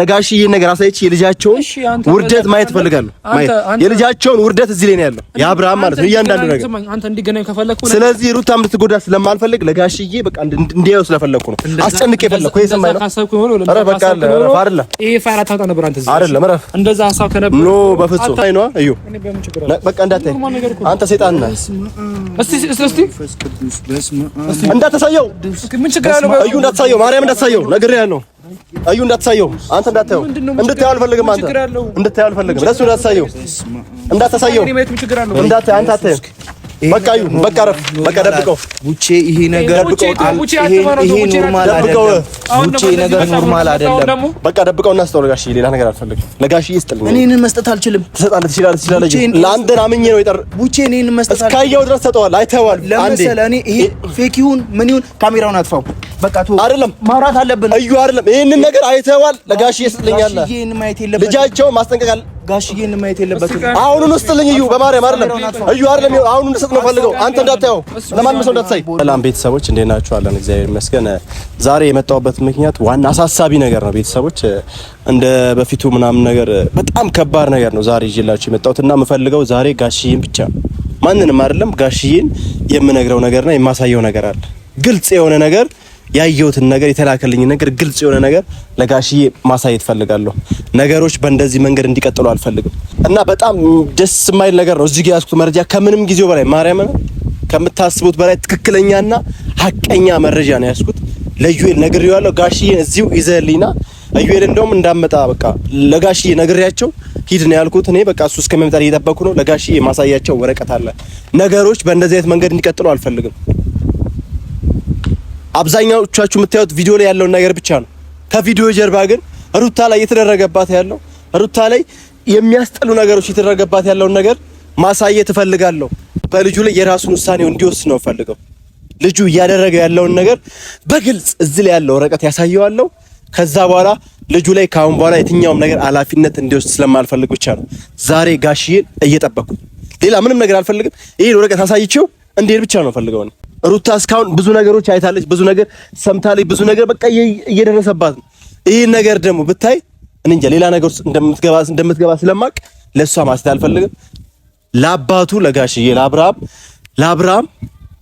ለጋሽ ይሄን ነገር አሳይቼ የልጃቸውን ውርደት ማየት ፈልጋለሁ። ማየት የልጃቸውን ውርደት እዚህ ላይ ነው ያለው፣ የአብርሃም ማለት ነው እያንዳንዱ ነገር። ስለዚህ ሩታ እንድትጎዳ ስለማልፈልግ ለጋሽዬ በቃ እንዲያው ስለፈለኩ ነው፣ አስጨንቄ ፈለኩ። የሰማይ ነው ኧረ በቃ አለ አይደለ? ይሄ ፋይል አታውጣ ነበር አንተ እዚህ አይደለም። ኧረ እንደዛ ሀሳብ ከነበረ ኖ በፍጹም አይ ነው አዩ በቃ እንዳታይ አንተ ሰይጣን ነህ። እስቲ እስቲ እስቲ እንዳታሳየው፣ ምን ችግር አለው? እዩ እንዳታሳየው፣ ማርያም እንዳታሳየው ነግሬሃለሁ። እዩ እንዳትሳየው፣ አንተ እንዳታየው፣ እንድታየው አልፈልግም። አንተ እንድታየው አልፈልግም። ለሱ እንዳትሳየው፣ እንዳታሳየው፣ እንዳታየው። አንተ አታየው። በቃ እዩ፣ በቃ ረፍ፣ በቃ ደብቀው። ቡቼ፣ ይሄ ነገር ኖርማል አይደለም። በቃ ደብቀው እና ስጠው። ለጋሽዬ ሌላ ነገር አልፈልግም። ለጋሽዬ ስጥልኝ። እኔን መስጠት አልችልም። ትሰጣለህ፣ ትችላለህ፣ ትችላለህ። ለአንተን አምኜ ነው የጠር ቡቼ፣ እኔን መስጠት እስካየው ድረስ ሰጠዋል። አይተዋል። አንዴ ለምሳሌ እኔ ይሄ ፌክ ይሁን ምን ይሁን ካሜራውን አጥፋው በቃ ተው፣ አይደለም ማውራት አለብን። እዩ አይደለም ይሄንን ነገር አይተዋል። ለጋሽዬ ስጥልኛለህ። ይሄን ማየት የለበትም። ልጃቸውን ማስጠንቀቅ ጋሽዬን ማየት የለበትም። አሁኑን ስጥልኝ እዩ፣ በማርያም አይደለም እዩ አይደለም። አሁኑን ስጥ ነው ፈልገው አንተ እንዳታየው፣ ለማንም ሰው እንዳትሳይ። ሰላም ቤተሰቦች፣ እንዴት ናችሁ? አለን እግዚአብሔር ይመስገን። ዛሬ የመጣሁበት ምክንያት ዋና አሳሳቢ ነገር ነው ቤተሰቦች፣ እንደ በፊቱ ምናምን ነገር በጣም ከባድ ነገር ነው ዛሬ ይዤላችሁ የመጣሁት እና የምፈልገው ዛሬ ጋሽዬን ብቻ ማንንም አይደለም ጋሽዬን የምነግረው ነገርና የማሳየው ነገር አለ ግልጽ የሆነ ነገር ያየሁትን ነገር የተላከልኝ ነገር ግልጽ የሆነ ነገር ለጋሽዬ ማሳየት ፈልጋለሁ። ነገሮች በእንደዚህ መንገድ እንዲቀጥሉ አልፈልግም እና በጣም ደስ የማይል ነገር ነው እዚህ ጋር ያዝኩት መረጃ ከምንም ጊዜው በላይ ማርያም ከምታስቡት በላይ ትክክለኛና ሀቀኛ መረጃ ነው ያዝኩት። ለዩኤል ነግሬዋለሁ። ጋሽዬ እዚሁ ይዘህልኝና ዩኤል እንደውም እንዳመጣ በቃ ለጋሽዬ ነግሬያቸው ሂድ ነው ያልኩት። እኔ በቃ እሱ እስከሚመጣ እየጠበኩ ነው። ለጋሽዬ ማሳያቸው ወረቀት አለ። ነገሮች በእንደዚህ አይነት መንገድ እንዲቀጥሉ አልፈልግም። አብዛኛዎቻችሁ የምታዩት ቪዲዮ ላይ ያለውን ነገር ብቻ ነው። ከቪዲዮ ጀርባ ግን ሩታ ላይ የተደረገባት ያለው ሩታ ላይ የሚያስጠሉ ነገሮች የተደረገባት ያለውን ነገር ማሳየት እፈልጋለሁ። በልጁ ላይ የራሱን ውሳኔው እንዲወስ ነው ፈልገው ልጁ እያደረገ ያለውን ነገር በግልጽ እዚህ ላይ ያለው ወረቀት ያሳየዋለሁ። ከዛ በኋላ ልጁ ላይ ከአሁን በኋላ የትኛውም ነገር ኃላፊነት እንዲወስድ ስለማልፈልግ ብቻ ነው ዛሬ ጋሽዬን እየጠበኩት። ሌላ ምንም ነገር አልፈልግም። ይህን ወረቀት አሳይቼው እንዲሄድ ብቻ ነው ፈልገው ሩታ እስካሁን ብዙ ነገሮች አይታለች፣ ብዙ ነገር ሰምታለች፣ ብዙ ነገር በቃ እየደረሰባት ነው። ይህ ነገር ደግሞ ብታይ እንጃ ሌላ ነገር እንደምትገባ እንደምትገባ ስለማቅ ለእሷ ማስተ አልፈልግም። ለአባቱ ለጋሽዬ ለአብርሃም ለአብርሃም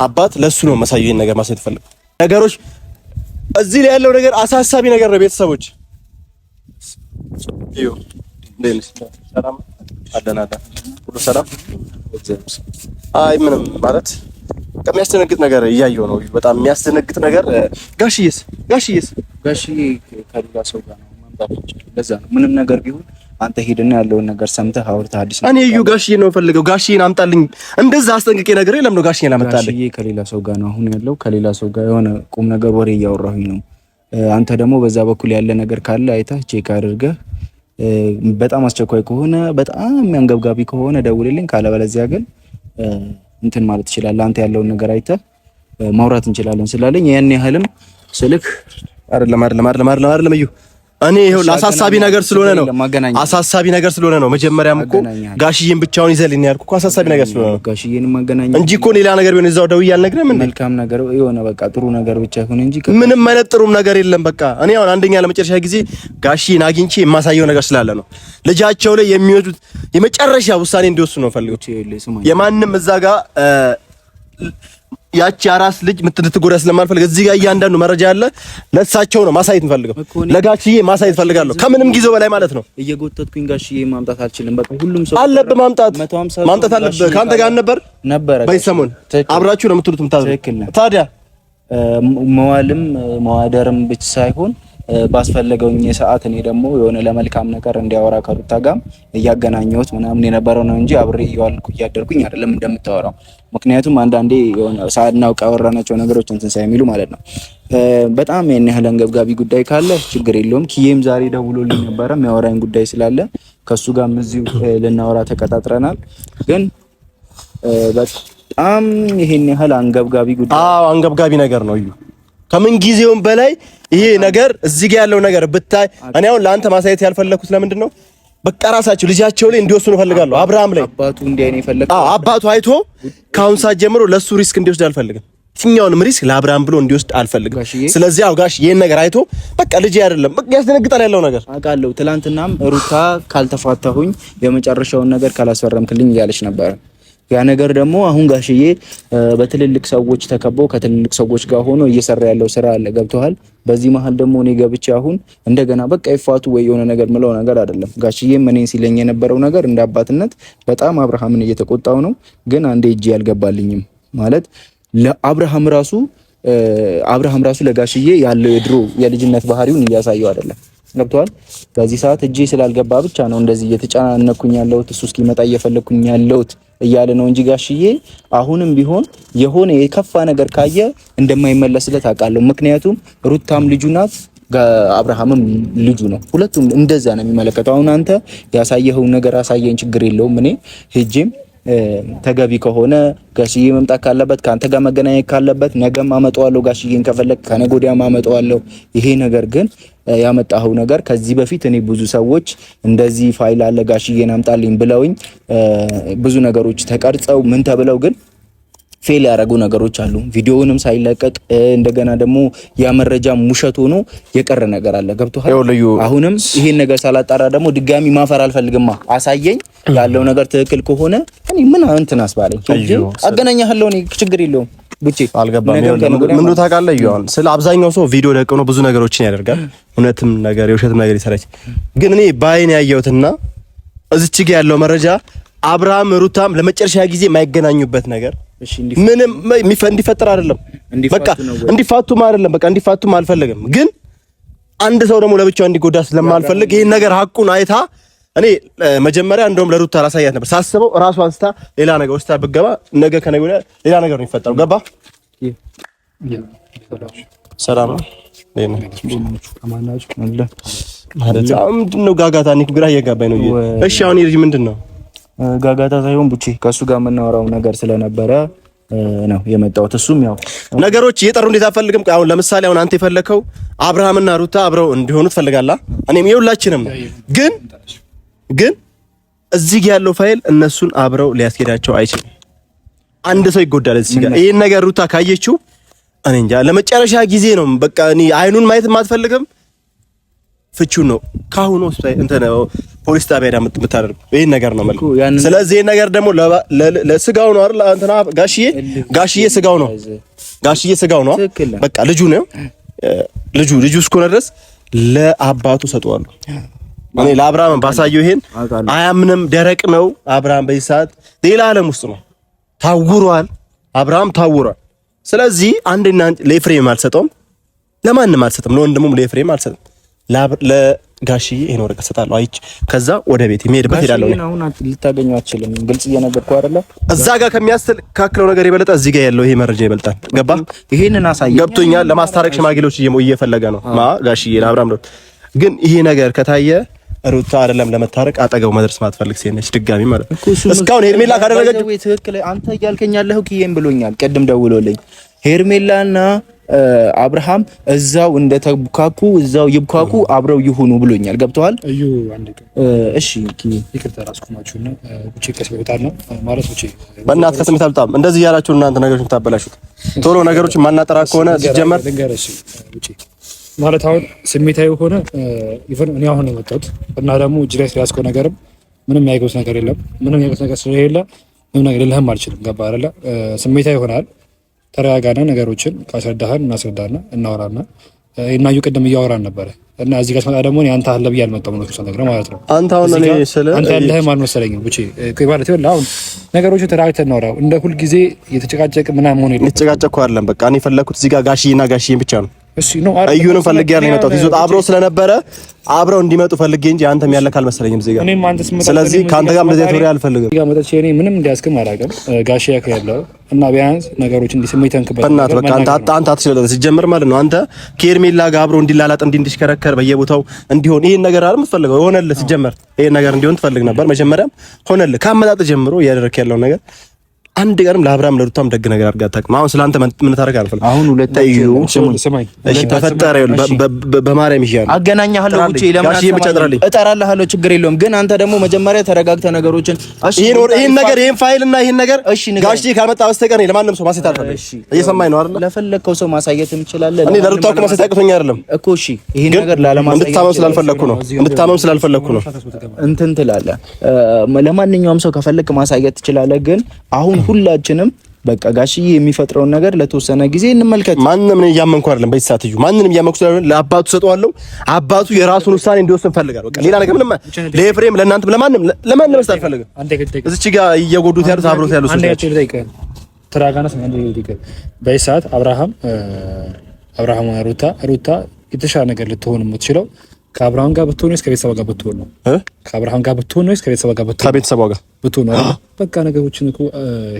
አባት ለሱ ነው መሳዩ ነገር ማሳየት ፈልግ ነገሮች እዚህ ላይ ያለው ነገር አሳሳቢ ነገር ነው። ቤተሰቦች ሰላም አለናዳ ሁሉ ሰላም አይ ምንም ማለት ከሚያስደነግጥ ነገር እያየሁ ነው። በጣም የሚያስደነግጥ ነገር። ጋሽዬስ ጋሽዬስ ጋሽዬ ከሌላ ሰው ጋር ነው መምጣት ይችላል። ለዛ ነው ምንም ነገር ቢሆን አንተ ሄድና ያለውን ነገር ሰምተህ አውርተህ አዲስ እኔ እዩ ጋሽዬ ነው የምፈልገው። ጋሽዬን አምጣልኝ። እንደዛ አስጠንቅቄ ነገር የለም ነው ጋሽዬን አመጣልኝ። ጋሽዬ ከሌላ ሰው ጋር ነው አሁን ያለው። ከሌላ ሰው ጋር የሆነ ቁም ነገር ወሬ እያወራሁኝ ነው። አንተ ደግሞ በዛ በኩል ያለ ነገር ካለ አይተህ ቼክ አድርገህ በጣም አስቸኳይ ከሆነ በጣም አንገብጋቢ ከሆነ ደውልልኝ። ካለበለዚያ ግን እንትን ማለት ይችላል አንተ ያለውን ነገር አይተህ ማውራት እንችላለን ስላለኝ ያን ያህልም ስልክ አይደለም አይደለም አይደለም አይደለም አይደለም እዩ እኔ ይኸውልህ አሳሳቢ ነገር ስለሆነ ነው። አሳሳቢ ነገር ስለሆነ ነው። መጀመሪያም እኮ ጋሽዬን ብቻውን ይዘልኝ ያልኩ እኮ አሳሳቢ ነገር ስለሆነ ነው። ጋሽዬን ማገናኘት እንጂ እኮ ሌላ ነገር ቢሆን እዛው ደውዬ አልነግርህም። እንደ መልካም ነገር የሆነ በቃ ጥሩ ነገር ብቻ ይሁን እንጂ ምንም አይነት ጥሩም ነገር የለም። በቃ እኔ አሁን አንደኛ ለመጨረሻ ጊዜ ጋሽዬን አግኝቼ የማሳየው ነገር ስላለ ነው። ልጃቸው ላይ የሚወዱት የመጨረሻ ውሳኔ እንዲወስኑ ነው ፈልገው የማንም እዛ ጋር ያቺ አራስ ልጅ ምትጎዳ ስለማልፈልግ እዚህ ጋር እያንዳንዱ መረጃ ያለ ለእሳቸው ነው ማሳየት እንፈልገው። ለጋሽዬ ማሳየት እንፈልጋለሁ ከምንም ጊዜው በላይ ማለት ነው። እየጎተትኩኝ ጋሽዬ ማምጣት አልችልም። በቃ ሁሉም ሰው አለብህ ማምጣት ማምጣት አለብህ። ከአንተ ጋር ነበር ነበር በይሰሙን አብራችሁ ነው የምትሉት ታዲያ መዋልም መዋደርም ብቻ ሳይሆን ባስፈለገውኝ ሰዓት እኔ ደግሞ የሆነ ለመልካም ነገር እንዲያወራ ከሩታ ጋም እያገናኘሁት ምናምን የነበረው ነው እንጂ አብሬ እየዋልኩ እያደርጉኝ አይደለም እንደምታወራው። ምክንያቱም አንዳንዴ የሆነ ሳናውቅ ያወራናቸው ነገሮች እንትን ሳይሚሉ ማለት ነው። በጣም ይህን ያህል አንገብጋቢ ጉዳይ ካለ ችግር የለውም። ኪዬም ዛሬ ደውሎልኝ ነበረ የሚያወራኝ ጉዳይ ስላለ ከሱ ጋም እዚሁ ልናወራ ተቀጣጥረናል። ግን በጣም ይህን ያህል አንገብጋቢ ጉዳይ አንገብጋቢ ነገር ነው እዩ ከምን ጊዜውም በላይ ይሄ ነገር እዚህ ጋር ያለው ነገር ብታይ፣ እኔ አሁን ለአንተ ማሳየት ያልፈለኩት ለምንድን ነው? በቃ ራሳቸው ልጃቸው ላይ እንዲወስኑ እፈልጋለሁ። አብርሃም ላይ አባቱ እንዲያኔ ፈለገ። አዎ አባቱ አይቶ ከአሁን ሰዓት ጀምሮ ለሱ ሪስክ እንዲወስድ አልፈልግም። የትኛውንም ሪስክ ለአብርሃም ብሎ እንዲወስድ አልፈልግም። ስለዚህ አው ጋሽ ይሄን ነገር አይቶ በቃ ልጅ አይደለም በቃ ያስደነግጣል ያለው ነገር አውቃለሁ። ትላንትናም ሩታ ካልተፋታሁኝ የመጨረሻውን ነገር ካላስፈረምክልኝ እያለች ነበር። ያ ነገር ደግሞ አሁን ጋሽዬ በትልልቅ ሰዎች ተከቦ ከትልልቅ ሰዎች ጋር ሆኖ እየሰራ ያለው ስራ አለ። ገብተዋል። በዚህ መሀል ደግሞ እኔ ገብቼ አሁን እንደገና በቃ ይፋቱ ወይ የሆነ ነገር ምለው ነገር አይደለም። ጋሽዬም እኔን ሲለኝ የነበረው ነገር እንደ አባትነት በጣም አብርሃምን እየተቆጣው ነው፣ ግን አንዴ እጅ አልገባልኝም ማለት ለአብርሃም ራሱ አብርሃም ራሱ ለጋሽዬ ያለው የድሮ የልጅነት ባህሪውን እያሳየው አይደለም ገብተዋል። በዚህ ሰዓት እጄ ስላልገባ ብቻ ነው እንደዚህ እየተጨናነኩኝ ያለሁት እሱ እስኪመጣ እየፈለግኩኝ ያለሁት እያለ ነው እንጂ ጋሽዬ አሁንም ቢሆን የሆነ የከፋ ነገር ካየ እንደማይመለስለት አውቃለሁ። ምክንያቱም ሩታም ልጁ ናት፣ አብርሃምም ልጁ ነው። ሁለቱም እንደዛ ነው የሚመለከተው። አሁን አንተ ያሳየኸው ነገር አሳየኝ፣ ችግር የለውም እኔ ሄጄም ተገቢ ከሆነ ጋሽዬ መምጣት ካለበት ከአንተ ጋር መገናኘት ካለበት ነገም አመጣዋለሁ። ጋሽዬን ከፈለግ ከነገ ወዲያም አመጣዋለሁ። ይሄ ነገር ግን ያመጣኸው ነገር ከዚህ በፊት እኔ ብዙ ሰዎች እንደዚህ ፋይል አለ ጋሽዬን አምጣልኝ ብለውኝ ብዙ ነገሮች ተቀርጸው ምን ተብለው ግን ፌል ያደረጉ ነገሮች አሉ። ቪዲዮውንም ሳይለቀቅ እንደገና ደግሞ ያ መረጃ ውሸት ሆኖ የቀረ ነገር አለ። ገብቶሃል? አሁንም ይሄን ነገር ሳላጣራ ደግሞ ድጋሚ ማፈር አልፈልግማ። አሳየኝ ያለው ነገር ትክክል ከሆነ እኔ ምን እንትን አስባለኝ። አገናኛለሁ፣ ችግር የለውም ብቻ አልገባም። ምንዱ ታውቃለህ፣ አሁን ስለ አብዛኛው ሰው ቪዲዮ ደቅኖ ብዙ ነገሮችን ያደርጋል። እውነትም ነገር የውሸትም ነገር ይሰራች። ግን እኔ በአይን ያየሁትና እዚች ጋ ያለው መረጃ አብርሃም ሩታም ለመጨረሻ ጊዜ የማይገናኙበት ነገር ምንም እንዲፈጠር አይደለም፣ በቃ እንዲፋቱም አይደለም፣ በቃ እንዲፋቱም አልፈለግም። ግን አንድ ሰው ደግሞ ለብቻው እንዲጎዳ ስለማልፈልግ ይሄን ነገር ሀቁን አይታ እኔ መጀመሪያ እንደውም ለሩታ ላሳያት ነበር ሳስበው፣ እራሱ አንስታ ሌላ ነገር ውስጥ ብገባ ነገ ከነገ ወዲያ ሌላ ነገር ነው የሚፈጠረው። ገባ ሰላም ነው ጋጋታ፣ ግራ እየጋባኝ ነው። እሺ አሁን ይሄ ምንድን ነው? ጋጋታ ሳይሆን ቡቼ ከእሱ ጋር የምናወራው ነገር ስለነበረ ነው የመጣሁት። እሱም ያው ነገሮች እየጠሩ እንዴት አፈልግም። አሁን ለምሳሌ አሁን አንተ የፈለከው አብርሃምና ሩታ አብረው እንዲሆኑ ትፈልጋለህ። እኔም የሁላችንም ግን ግን እዚህ ያለው ፋይል እነሱን አብረው ሊያስኬዳቸው አይችልም። አንድ ሰው ይጎዳል እዚህ ጋር። ይሄን ነገር ሩታ ካየችው እኔ እንጃ ለመጨረሻ ጊዜ ነው በቃ እኔ አይኑን ማየት አትፈልግም። ፍቹን ነው ካሁኑ እንትን ፖሊስ ጣቢያ ዳ የምታደርጉ ይሄን ነገር ነው መልኩ። ስለዚህ ይሄን ነገር ደግሞ ለስጋው ነው አይደል? እንትና ጋሽዬ ጋሽዬ ስጋው ነው ጋሽዬ ስጋው ነው። በቃ ልጁ ነው ልጁ ልጁ እስከሆነ ድረስ ለአባቱ ሰጠዋለሁ። እኔ ለአብርሃም ባሳየው ይሄን አያምንም። ደረቅ ነው አብርሃም። በዚህ ሰዓት ሌላ ዓለም ውስጥ ነው። ታውሯል፣ አብርሃም ታውሯል። ስለዚህ አንድና ለኤፍሬም አልሰጠውም፣ ለማንም አልሰጠም፣ ለወንድሙም ለኤፍሬም አልሰጠም። ለጋሽዬ ይሄን ወረቀት ሰጣለሁ አይች ከዛ ወደ ቤት የሚሄድበት ሄዳለሁ። አሁን ልታገኘው አትችልም። ግልጽ እየነገርኩ አይደለ? እዛ ጋር ከሚያስተል ካክለው ነገር የበለጠ እዚህ ጋር ያለው ይሄ መረጃ ይበልጣል። ገባ? ይሄንን አሳየኝ። ገብቶኛል። ለማስታረቅ ሽማግሌዎች እየፈለገ ነው ማ ጋሽዬ ለአብራም ነው። ግን ይሄ ነገር ከታየ ሩታ አይደለም ለመታረቅ አጠገቡ መድረስ ማትፈልግ ሴት ነች። ድጋሚ ማለት እስካሁን ሄርሜላ ካደረገች ትክክል። አንተ እያልከኝ ያለኸው ኪዬም ብሎኛል። ቅድም ደውሎልኝ ሄርሜላና አብርሃም እዛው እንደተቡካኩ እዛው ይብካኩ አብረው ይሁኑ ብሎኛል። ገብተዋል። እዩ አንድ ቀን እሺ፣ ይቅርታ ነው ውጪ ከስበታል ነው ማለት ውጪ በእናት ከስሜት አልጣም እንደዚህ እያላችሁ እናንተ ነገሮችን ታበላሹት። ቶሎ ነገሮች ማናጠራ ከሆነ ሲጀመር ማለት አሁን ስሜታዊ ሆነ ኢቨን እኔ አሁን የመጣሁት እና ደግሞ እጅ ላይ ስለያዝከው ነገርም ምንም ያይገውት ነገር የለም ምንም ያይገውት ነገር ስለሌለ ምንም ነገር የለህም አልችልም። ገባ አይደለ? ስሜታዊ ይሆናል ተረጋጋና ነገሮችን ካስረዳህን እናስረዳና እናወራና እና ዩ ቅድም እያወራን ነበረ እና እዚህ ጋር ስመጣ ደግሞ አንተ አለ ብዬ አልመጣሁም ነው ሰው ማለት ነው። አንተ አሁን እኔ ስለ አንተ አለህም አልመሰለኝም። ብቻ እኮ ማለት ይኸውልህ አሁን ነገሮቹ ተራርተን እናውራው። እንደ ሁልጊዜ የተጨቃጨቅ ምናምን ሆነ የተጨቃጨቅኩ አይደለም። በቃ እኔ የፈለኩት እዚህ ጋር ጋሽዬና ጋሽዬን ብቻ ነው እሺ ነው እዩንም ፈልጌ ያለ የመጣሁት ይዞት አብረው ስለነበረ አብረው እንዲመጡ ፈልጌ እንጂ አንተም ያለህ አልመሰለኝም። እዚህ ጋር ስለዚህ ከአንተ ጋር እንደዚህ አይነት አልፈልግም። እዚህ ጋር መጥቼ እኔ ምንም እንዲያስክም አላውቅም። ጋሼ ያክ ያለው እና ቢያንስ ነገሮች እንዲህ ስሜት ተንከበተ በእናትህ በቃ አንተ አንተ አትችልም ሲጀምር ማለት ነው። አንተ ከኤርሜላ ጋር አብሮ እንዲላላጥ እንዲ እንዲሽከረከር በየቦታው እንዲሆን ይሄን ነገር አለም ፈልገው ሆነልህ። ሲጀምር ይሄን ነገር እንዲሆን ትፈልግ ነበር መጀመሪያም ሆነልህ። ከአመጣጥ ጀምሮ እያደረክ ያለው ነገር አንድ ቀንም ለአብርሃም ለሩታም ደግ ነገር አድርጋ አታውቅም። አሁን ስለአንተ ምን ታደርግ አልፈል አሁን ሁለታችሁ እሺ፣ በፈጠረ ይሁን በማርያም ይሻል አገናኛለሁ። ውጪ ለምን እጠራልሃለሁ፣ ችግር የለውም ግን አንተ ደግሞ መጀመሪያ ተረጋግተ ነገሮችን እሺ፣ ይሄን ነገር ይሄን ፋይል እና ይሄን ነገር እሺ፣ ጋሽ ካልመጣ በስተቀር ለማንም ሰው ማሳየት አልፈልም። እየሰማኝ ነው አይደል? ለፈለከው ሰው ማሳየት እንችላለን። እኔ ለሩታ እኮ ማሳየት አቅቶኝ አይደለም እኮ እሺ፣ ይሄን ነገር ላለማሳየት እንድታመም ስላልፈለኩ ነው። እንድታመም ስላልፈለኩ ነው። እንትን ትላለህ። ለማንኛውም ሰው ከፈለክ ማሳየት ትችላለህ ግን አሁን ሁላችንም በቃ ጋሽዬ የሚፈጥረውን ነገር ለተወሰነ ጊዜ እንመልከት። ማንንም ነው እያመንኩ አይደለም። በዚህ እዩ፣ ማንንም እያመንኩ አይደለም። ለአባቱ ሰጠዋለሁ። አባቱ የራሱን ውሳኔ እንዲወስን ፈልጋል። በቃ ሌላ ነገር ምንም፣ ለኤፍሬም፣ ለእናንተም፣ ለማንም ለማንም መስጠት አልፈልግም። እዚች ጋ እየጎዱት ያሉት አብሮት ያሉት ሰዎች ትራጋናስ በዚህ በይሳት አብርሃም አብርሃም ሩታ ሩታ የተሻለ ነገር ልትሆን የምትችለው ከአብርሃም ጋር ብትሆን ወይስ ከቤተሰብ ጋር ብትሆን ነው? ከአብርሃም ጋር ብትሆን ወይስ ከቤተሰብ ጋር ብትሆን? ከቤተሰብ ጋር ብትሆን ነው። በቃ ነገሮችን እኮ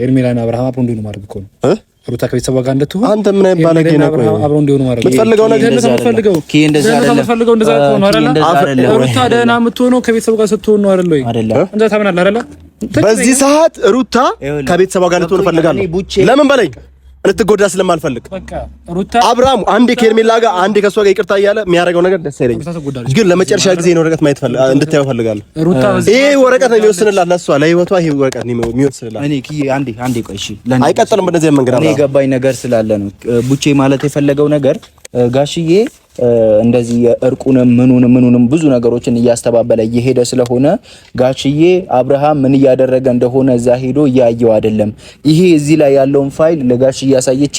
ሄርሜላና አብርሃም አብሮ እንዲሆኑ ማድረግ እኮ ነው። ሩታ ከቤተሰብ ጋር እንደትሆን አንተ ምን አይነት ባለጌ ነው? አብሮ እንዲሆኑ ማድረግ የምትፈልገው ነገር እንደዛ አይደለም። ኪ እንደዛ አይደለም። የምትፈልገው እንደዛ ነው አይደለ? ሩታ ደህና የምትሆነው ከቤተሰብ ጋር ስትሆን ነው አይደለ? እንደዛ ታምናለህ አይደለ? በዚህ ሰዓት ሩታ ከቤተሰብ ጋር እንድትሆን እፈልጋለሁ። ለምን በለኝ እንድትጎዳ ስለማልፈልግ አብርሃም አንዴ ከሄርሜላ ጋር አንዴ ከእሷ ጋር ይቅርታ እያለ የሚያደርገው ነገር ደስ አይለኝ። ግን ለመጨረሻ ጊዜ ይህን ወረቀት ማየት እንድታየው እፈልጋለሁ። ይሄ ወረቀት ነው የሚወስንላት ለእሷ ለህይወቷ፣ ይሄ ወረቀት ነው የሚወስንላት። አይቀጥልም በእንደዚህ መንገድ። እኔ የገባኝ ነገር ስላለ ነው ቡቼ ማለት የፈለገው ነገር ጋሽዬ እንደዚህ እርቁንም ምኑንም ምኑንም ብዙ ነገሮችን እያስተባበለ እየሄደ ስለሆነ ጋችዬ አብርሃም ምን እያደረገ እንደሆነ እዛ ሄዶ እያየው አይደለም። ይሄ እዚህ ላይ ያለውን ፋይል ለጋሽዬ አሳይቼ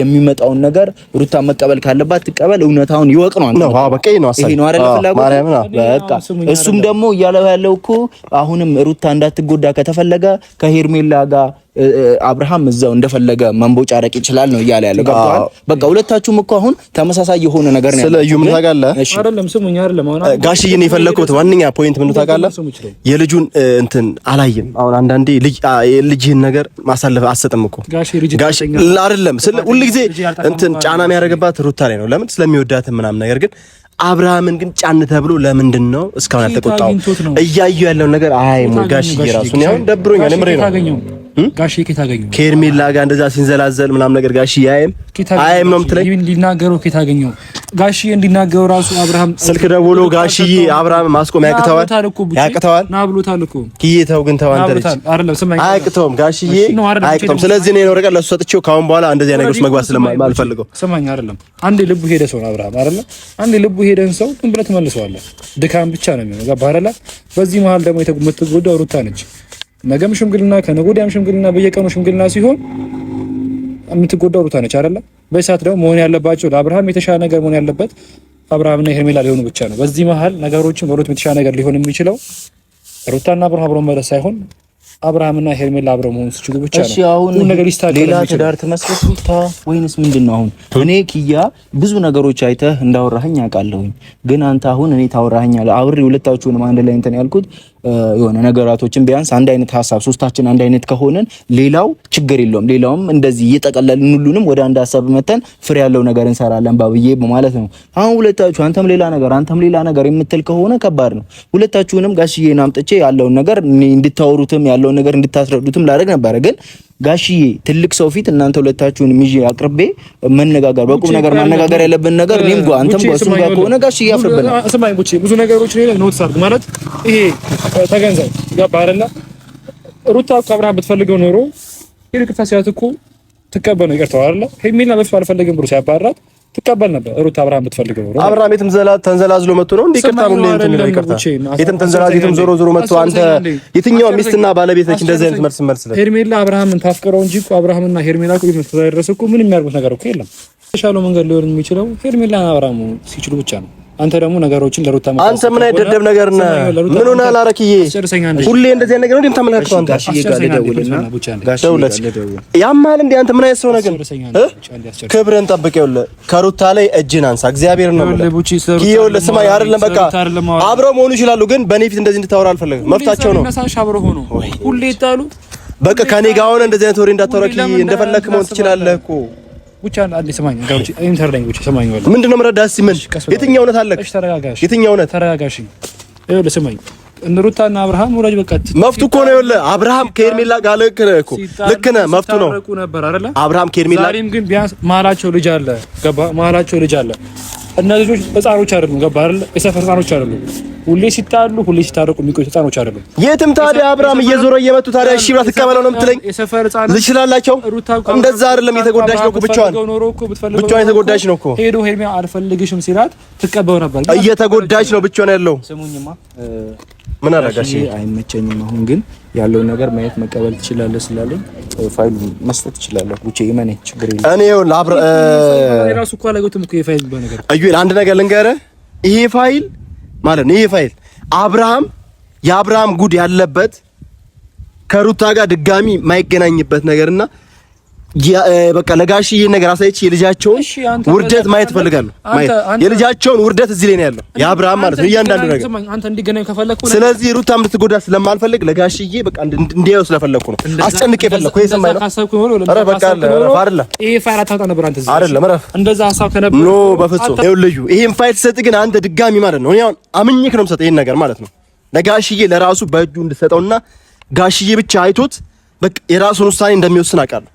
የሚመጣውን ነገር ሩታ መቀበል ካለባት ትቀበል፣ እውነታውን ይወቅ ነው አንተ በቃ ነው ነው አይደል ፍላጎት በቃ እሱም ደግሞ እያለው ያለው እኮ አሁንም ሩታ እንዳትጎዳ ከተፈለገ ከሄርሜላ ጋር አብርሃም እዛው እንደፈለገ መንቦጫረቅ ይችላል ነው እያለ ያለው። በቃ ሁለታችሁም እኮ አሁን ተመሳሳይ የሆነ ነገር ስለ እዩ ምን ታውቃለህ? ጋሽዬ ነው የፈለኩት። ዋንኛ ፖይንት ምን ታውቃለህ? የልጁን እንትን አላየም። አሁን አንዳንዴ ልጅህን ነገር ማሳለፍ አሰጥም እኮ ጋሽ አይደለም። ስለ ሁልጊዜ እንትን ጫና የሚያደርግባት ሩታ ላይ ነው። ለምን ስለሚወዳት ምናምን ነገር ግን አብርሃምን ግን ጫን ተብሎ ለምንድን ነው እስካሁን ያልተቆጣው? እያዩ ያለውን ነገር አይ ጋሽዬ ራሱ ነው ደብሮኛል። ምሬ ነው ጋሽ ኬት አገኙ ከኤርሜላ ጋር እንደዛ ሲንዘላዘል ምናም ነገር ጋሽ ያየም አየም ነው የምትለኝ። እንዲናገሩ ኬት አገኙ ጋሽ እንዲናገሩ ራሱ አብርሃም ስልክ ደውሎ ጋሽዬ አብርሃም ማስቆም ያቅተዋል ያቅተዋል ና ብሎታል እኮ ኪዬ ተው ግን ተው አንተ ልጅ አያቅተውም ጋሽዬ አያቅተውም። ስለዚህ እኔ ነው ረቀ ለሱ ሰጥቼው ካሁን በኋላ እንደዚህ አይነት ነገሮች መግባት ስለማልፈልገው ስማኝ። አይደለም አንዴ ልቡ ሄደ ሰው ነው አብርሃም አይደለም አንዴ ልቡ ሄደን ሰው ዝም ብለህ ትመልሰዋለህ። ድካም ብቻ ነው የሚሆነው። ገባህ አይደለ? በዚህ መሀል ደግሞ የምትጎዳው ሩታ ነች። ነገም ሽምግልና ከነገ ወዲያም ሽምግልና በየቀኑ ሽምግልና ሲሆን የምትጎዳው ሩታ ነች አይደለ? በሰዓት ደግሞ መሆን ያለባቸው ለአብርሃም የተሻለ ነገር መሆን ያለበት አብርሃምና ሄርሜላ ሊሆኑ ብቻ ነው። በዚህ መሀል ነገሮችን በሁለቱም የተሻለ ነገር ሊሆን የሚችለው ሩታና አብርሃም አብረው መለስ ሳይሆን አብርሃምና ሄርሜላ አብረው መሆን ሲችሉ ብቻ ነው። እሺ አሁን ነገር ይስተካከል። ሌላ ትዳር ትመስረት ሩታ ወይንስ ምንድን ነው? አሁን እኔ ኪያ ብዙ ነገሮች አይተህ እንዳወራኸኝ አውቃለሁኝ። ግን አንተ አሁን እኔ ታወራኸኛል አውሬ ሁለታችሁንም አንድ ላይ እንትን ያልኩት የሆነ ነገራቶችን ቢያንስ አንድ አይነት ሀሳብ ሶስታችን አንድ አይነት ከሆነን ሌላው ችግር የለውም። ሌላውም እንደዚህ እየጠቀለልን ሁሉንም ወደ አንድ ሀሳብ መተን ፍሬ ያለው ነገር እንሰራለን ባብዬ ማለት ነው። አሁን ሁለታችሁ አንተም ሌላ ነገር አንተም ሌላ ነገር የምትል ከሆነ ከባድ ነው። ሁለታችሁንም ጋሽዬን አምጥቼ ያለውን ነገር እንድታወሩትም ያለውን ነገር እንድታስረዱትም ላደርግ ነበረ ግን ጋሽዬ ትልቅ ሰው ፊት እናንተ ሁለታችሁን ይዤ አቅርቤ መነጋገር በቁም ነገር ማነጋገር ያለብን ነገር እኔም ጓ አንተም ጓ እሱም ጓ ከሆነ ጋሽዬ ያፍርብናል። ስማኝ ቡቼ፣ ብዙ ነገሮች ላይ ኖትስ አድርግ ማለት ይሄ ተገንዘብ ገባህ አይደለ? ሩታ ካብራ ብትፈልገው ኖሮ ይሄ ልቅታ ሲያት እኮ ትቀበል ነው ይቀርተዋል አይደለ? ሄሚና በፊት አልፈለግም ብሎ ሲያባራት ትቀበል ነበር። ሩት አብርሃም ብትፈልገው ነው። አብርሃም የትም ተንዘላዝሎ መጥቶ ነው እንዴ ይቅርታ ሁሌ እንዴ? ነው ይቅርታ የትም ተንዘላዝ የትም ዞሮ ዞሮ መጥቶ አንተ የትኛው ሚስትና ባለቤት ነች እንደዚህ አይነት መልስ መልስ ሄርሜላ አብርሃምን ታፍቅረው እንጂ እኮ አብርሃምና ሄርሜላ እኮ ቤት እስከ ዛሬ እኮ ምን የሚያደርጉት ነገር እኮ የለም። የተሻለው መንገድ ሊሆን የሚችለው ሄርሜላና አብርሃም ሲችሉ ብቻ ነው። አንተ ደግሞ ነገሮችን ለሩታ ማለት አንተ ምን አይደደብ ነገር እና ምን ሆነ አላረክዬ፣ ሁሌ እንደዚህ ነገር ነው እንደምታመላክተው አንተ። እሺ ጋር ደውልና ደውለት ያማል እንዴ አንተ ምን አይነት ሰው ነገር ክብርን ጠብቀው። ከሩታ ላይ እጅን አንሳ፣ እግዚአብሔር ነው ይኸውልህ። ስማ አይደለም በቃ አብረው መሆኑ ይችላሉ፣ ግን በኔ ፊት እንደዚህ እንድታወራ አልፈለግም። መብታቸው ነው። ሁሌ ይጣሉ በቃ ከኔ ጋር ሆነ እንደዚህ አይነት ወሬ እንዳታወራ፣ እንደፈለክ መሆን ትችላለህ እኮ ብቻ አንዴ ስማኝ፣ ኢንተር ላንጉጅ ስማኝ። ወላ ምንድን ነው የምረዳህ? እስኪ ምን የትኛው እውነት አለ? እሺ ተረጋጋሽ። የትኛው እውነት? ተረጋጋሽ። ይኸውልህ ስማኝ፣ ሩታና አብርሃም ወላጅ በቃ መፍቱ እኮ ነው። ይኸውልህ አብርሃም ከሄርሜላ ጋር ልክ ነህ እኮ ልክ ነህ፣ መፍቱ ነው። አብርሃም ከሄርሜላ ዛሬም ግን ቢያንስ መሀላቸው ልጅ አለ፣ ገባህ? መሀላቸው ልጅ አለ እና ልጆች ህፃኖች አይደሉም። ገባ አይደል? የሰፈር ህፃኖች አይደሉም። ሁሌ ሲታሉ ሁሌ ሲታረቁ የሚቆዩ ህፃኖች አይደሉም። የትም ታዲያ አብርሃም እየዞረ እየመጡ ታዲያ እሺ ብላ ትቀበለው ነው የምትለኝ? ልጅ ስላላቸው እንደዛ አይደለም። የተጎዳሽ ነው እኮ ብቻዋን፣ ብቻዋን የተጎዳሽ ነው እኮ ሄዶ ሄድሚያ አልፈልግሽም ሲላት ትቀበው ነበር። እየተጎዳሽ ነው ብቻዋን ያለው ስሙኝማ ምን አረጋሽ? አይመቸኝም። አሁን ግን ያለውን ነገር ማየት መቀበል ትችላለህ ስላለኝ ፋይሉ መስጠት ትችላለህ። ውጪ ይመን ችግር የለም። እኔ እኮ እኮ የፋይል ነገር አንድ ነገር ልንገርህ፣ ይሄ ፋይል ማለት ነው። ይሄ ፋይል አብርሃም የአብርሃም ጉድ ያለበት ከሩታ ጋር ድጋሚ የማይገናኝበት ነገርና በቃ ለጋሽ ይህን ነገር አሳይቼ የልጃቸውን ውርደት ማየት እፈልጋለሁ። የልጃቸውን ውርደት እዚህ ላይ ነው ያለው፣ የአብርሃም ማለት ነው እያንዳንዱ ነገር። ስለዚህ ሩታ እንድትጎዳ ስለማልፈልግ ለጋሽዬ በቃ እንዲያየው ስለፈለግኩ ነው፣ አስጨንቄ የፈለግኩ። የሰማይ ነው ኧረ በቃ አይደለም። ኧረ ኖ በፍጹም ይኸው ልዩ ይሄን ፋይል ትሰጥ፣ ግን አንተ ድጋሚ ማለት ነው እኔ አሁን አምኜክ ነው የምሰጠው ይህን ነገር ማለት ነው ለጋሽዬ ለራሱ በእጁ እንድሰጠውና ጋሽዬ ብቻ አይቶት በቃ የራሱን ውሳኔ እንደሚወስን አውቃለሁ።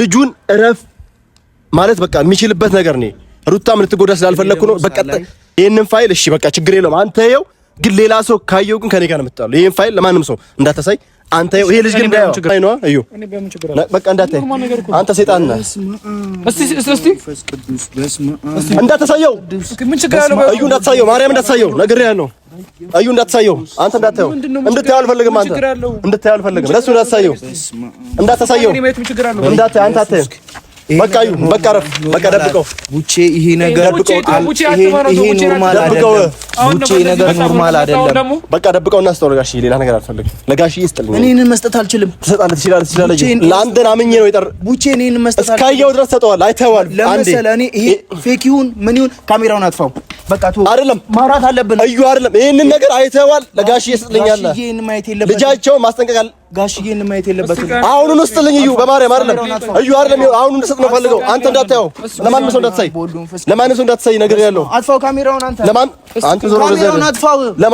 ልጁን እረፍ ማለት በቃ የሚችልበት ነገር ነው። ምን ልትጎዳ ስላልፈለኩ ነው። በቃ ይሄንን ፋይል እሺ፣ በቃ ችግር የለውም አንተ ይኸው። ግን ሌላ ሰው ካየው ግን ከኔ ጋር ነው የምትጣለው። ይህን ፋይል ለማንም ሰው እንዳታሳይ አንተ ይሄ ልጅ ግን ነው ችግር በቃ አንተ ሰይጣን ነህ። እስቲ እስቲ እንዳታሳየው ምን ችግር እዩ እንዳታሳየው፣ ማርያም እንዳታሳየው፣ ነገር ያለው እዩ እንዳታሳየው። አንተ እንዳታየው እንድታየው አልፈልግም። አንተ እንዳታሳየው፣ እንዳታሳየው፣ እንዳታሳየው፣ እንዳታሳየው፣ እንዳታሳየው፣ እንዳታሳየው፣ እንዳታሳየው፣ እንዳታሳየው እንዳታሳየው ለሱ እንዳታሳየው እንዳታሳየው እንዳታሳየው አንተ እንዳታሳየው በቃ ይሁን። በቃ ረፍ በቃ ደብቀው ቡቼ፣ ይሄ ነገር ኖርማል አይደለም። በቃ ደብቀው እና ስጠው ለጋሽዬ። ሌላ ነገር አልፈልግም። ለጋሽዬ ስጥልኝ። እኔን መስጠት አልችልም። ትሰጣለህ፣ ትችላለህ፣ ትችላለህ። ለአንተ ናምኜ ነው የጠር ቡቼ። እኔን መስጠት እስካየው ድረስ ሰጠዋል። አይተኸዋል። ለምሳሌ እኔ ይሄ ፌክ ይሁን ምን ይሁን ካሜራውን አጥፋው በቃ ተው፣ አይደለም ማውራት አለብን። እዩ አይደለም ይሄንን ነገር አይተዋል። ለጋሽዬ ስጥልኛል። ልጃቸው ማስጠንቀቃል። ጋሽዬን ማየት የለበትም። አሁኑን ስጥልኝ እዩ፣ በማርያም አይደለም እዩ አይደለም። አሁኑን እንድሰጥ ነው ፈልገው። አንተ እንዳታየው፣ ለማንም ሰው እንዳትሳይ፣ ለማንም ሰው እንዳትሳይ ነገር ያለው አጥፋው ካሜራውን አንተ ለማን አንተ ዞሮ